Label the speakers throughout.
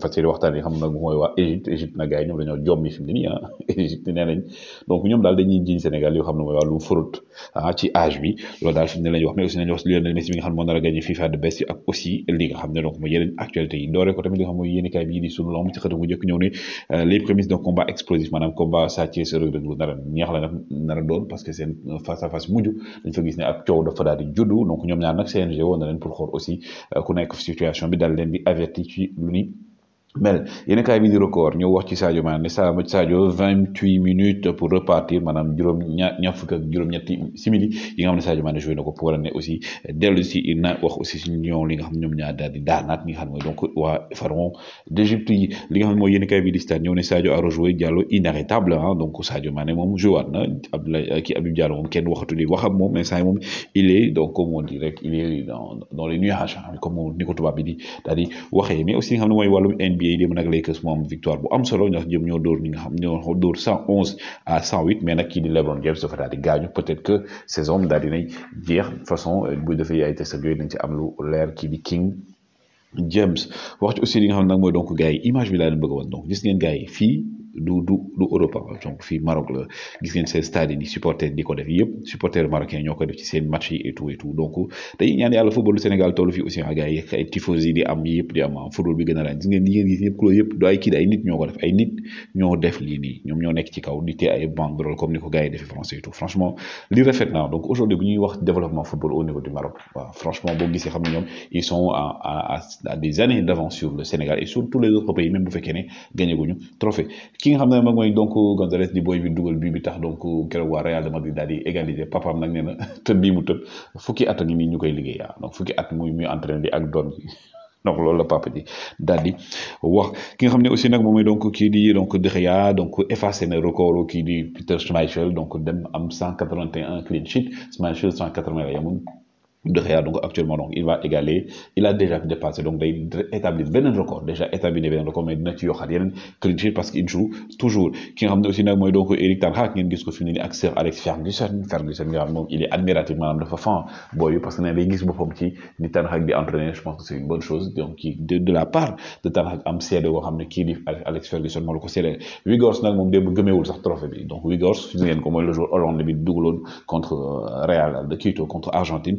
Speaker 1: fas waxtaan yi xam nag mooy waa Égypte Égypte na gaay ñoom dañoo jommi fi mu ne ah Égypte nee nañ donc ñoom daal dañuy jiñ Sénégal yoo xam ne mooy wàllu fruit ah ci âge bi loolu daal fi mu ne lañu wax mais aussi nañ wax Lionel Messi mi nga xam ne moo nar a gagné FIFA de best ak aussi li nga xam ne donc mooy yeneen actualité yi dooree ko tamit li nga xam mooy yéeni kaay bii di sunu lamb ci xëtu mu njëkk ñëw ni euh, les prémices de combat explosif maanaam combat Sa Thiès Reug Reug lu nar a neex la nag nar a doon parce que seen euh, face à face mujj dañ fa gis ne ab coow dafa daal di juddu donc ñoom ñaar nag CNG woon na leen pour xool aussi euh, ku nekk situation bi daal leen di averti ci lu ni mel yene kay bi ni record ñu wax ci Sadio Mané ne Sadio vingt-huit minutes pour repartir manam juroom ñaar ñaar fukk ak juróom-ñetti simili yi nga xam Sadio Mané joué nako ko pour ne aussi dellu si na wax aussi si ñoom li nga xam ñom ñaar daal di daanaat li xam moy donc wa pharaon d'Égypte yi li nga xam moy yene kay bi di stade ñëw ne Sadio a rejoué Diallo inarrêtable hein donc Sadio Mané moom jouaat na Abdoulaye euh, kii Habib Diallo moom kenn waxatu li waxam moom mais saa moom il est donc comme on dit il est dans dans les nuages hein, comme ni ko tubaab bi di daal di waxee mais aussi nga xam moy walum NBA dem nag Lakers moom victoire bu am solo ndax jëm ñoo dóor ñi nga xam ñoo dóor cent onze mais nag kii di LeBron James dafa daal di gaañu peut-être que saison bi daal dinay jeex façon bu defee ay test ak yooyu nañ ci am lu leer kii di King James wax ci aussi li nga xam nag mooy donc gars yi image bi laa leen bëgg a wan donc gis yi fii du du du Europa donc fi Maroc la gis ngeen seen stade ni supporter di def yëpp supporter marocain ñoko def ci seen match yi et tout et tout donc dañuy ñaan yàlla football du Sénégal tollu fi aussi ah, gars gaay ay tifosi di am yëpp di am ah, football bi gëna a gis ngeen li ngeen gis yëpp couleur yëpp do ay kii nit ñoko def ay nit ñoo def li ni ñom ñoo nekk ci kaw di ay banderole comme niko gaay def français et tout franchement li rafet na donc aujourd'hui bu ñuy wax développement football au niveau du Maroc franchement bo gisee xam ñom ils sont à à des années d'avance sur le Sénégal et sur tous les autres pays même bu fekkene gagné guñu trophée ki nga xam ne moom mooy donc Gonzalez di booy bi dugal bii bi tax donc keroog waa Real de Madrid daal di égaliser papaam nag nee na tëb bii mu tëb fukki at a ñu koy liggéey ah fukki at muy muy entraîné di ak doom ji donc loolu la papa ji daal di wax ki nga xam ne aussi nag moom mooy donc kii di donc De Gea donc effacé na record kii di Peter Schmeichel donc dem am 181 clean sheet Schmeichel 180 la yemoon. de Real donc actuellement donc il va égaler il a déjà dépassé donc il établit un record déjà établi un record mais dina ci yokkaat yeneen clean sheet parce que joue toujours qui nga xam aussi nak moy donc Eric Ten Hag ngeen gis ko fi mu ak Sir Alex Ferguson Ferguson nga xam il est admiratif maanaam dafa fan booy parce que né day gis boppam ci ni Ten Hag di entraîner je pense que c'est une bonne chose donc qui de de la part de Ten Hag am cede go xamné ki di Alex Ferguson mo la ko seede Weghorst nak mom démb gëmeewul sax trophée bi donc Weghorst fi ngeen ko moy le joueur hollandais bi dugaloon contre euh, Real de Quito contre Argentine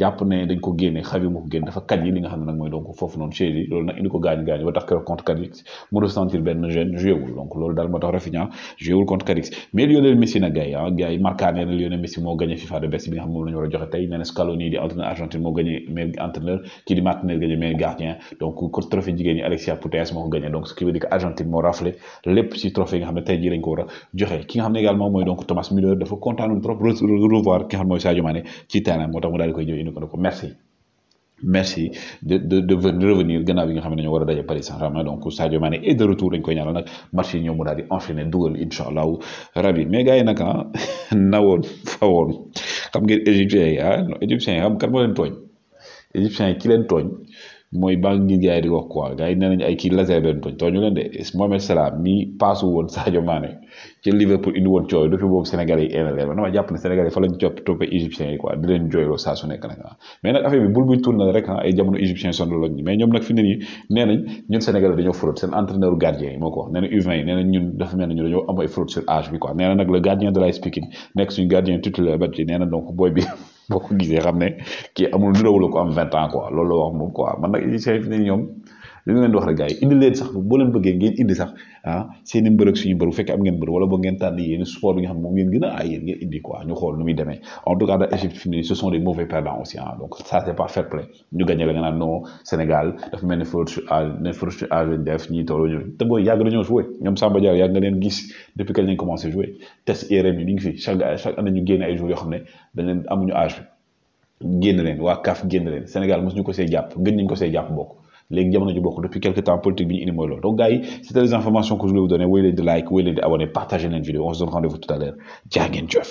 Speaker 1: jàpp ne dañ ko génne xaw moo ko génne dafa kat yi li nga xam ne nag mooy donc a joxe tey Thomas Müller dafa kontaanul trop revoir ki nga xam ne mooy Sadio ci terrain moo tax mu daal koy yooyu indi ko ne ko merci merci de de de revenir gannaaw bi nga xam ne dañoo war a daje Paris Saint-Germain donc Sadio Mané et de retour dañ koy ñaanal nag match yi ñëw mu daal di enchaîner dugal incha allahu rabi mais gars yi nag ah nawoon fawoon xam ngeen égyptiens yi ah yi xam kan moo leen tooñ égyptiens yi ki leen tooñ. mooy banque gi gars yi di wax quoi gars nee nañu ay kii laser benn tooñ tooñu leen de Mohamed Salah mi paasu woon Sadio Mané ci Liverpool indi woon coow depuis boobu Sénégal yi di leen jooyloo saa su nekk nag ah mais nag affaire bi ah, ñoom nag fi nii nee ñun Sénégal dañoo fraude sur âge bi quoi nee nag le gardien de l'AS Pikine nekk suñu gardien titulaire bat ci nee donc booy bi boo ko xam ne kii amul nirawul ko am vingt ans quoi loolu la wax moom quoi man nag Chérif ne ñoom li ma leen di wax rek gars yi indi leen sax boo leen bëggee ngeen indi sax ah seen suñu mbër bu fekkee am ngeen mbër wala boo ngeen tànn yéen sport bi nga xam a ay ah, yéen ne ce leen gis depuis kañ lañ ñu ngi fi chaque chaque année génne ay jours yoo xam ne dañ leen amuñu âge génn leen waa CAF génn leen Sénégal mosuñu ko see jàpp gën nañ ko see jàpp bokk léegi jamono ju bokk depuis quelque temps politique bi ñu indi loolu donc gars yi c'était les informations que je voulais vous donner wéy leen di like wéy leen di abonné partagez leen vidéo on se donne rendez-vous tout à l'heure jaa ngeen jëf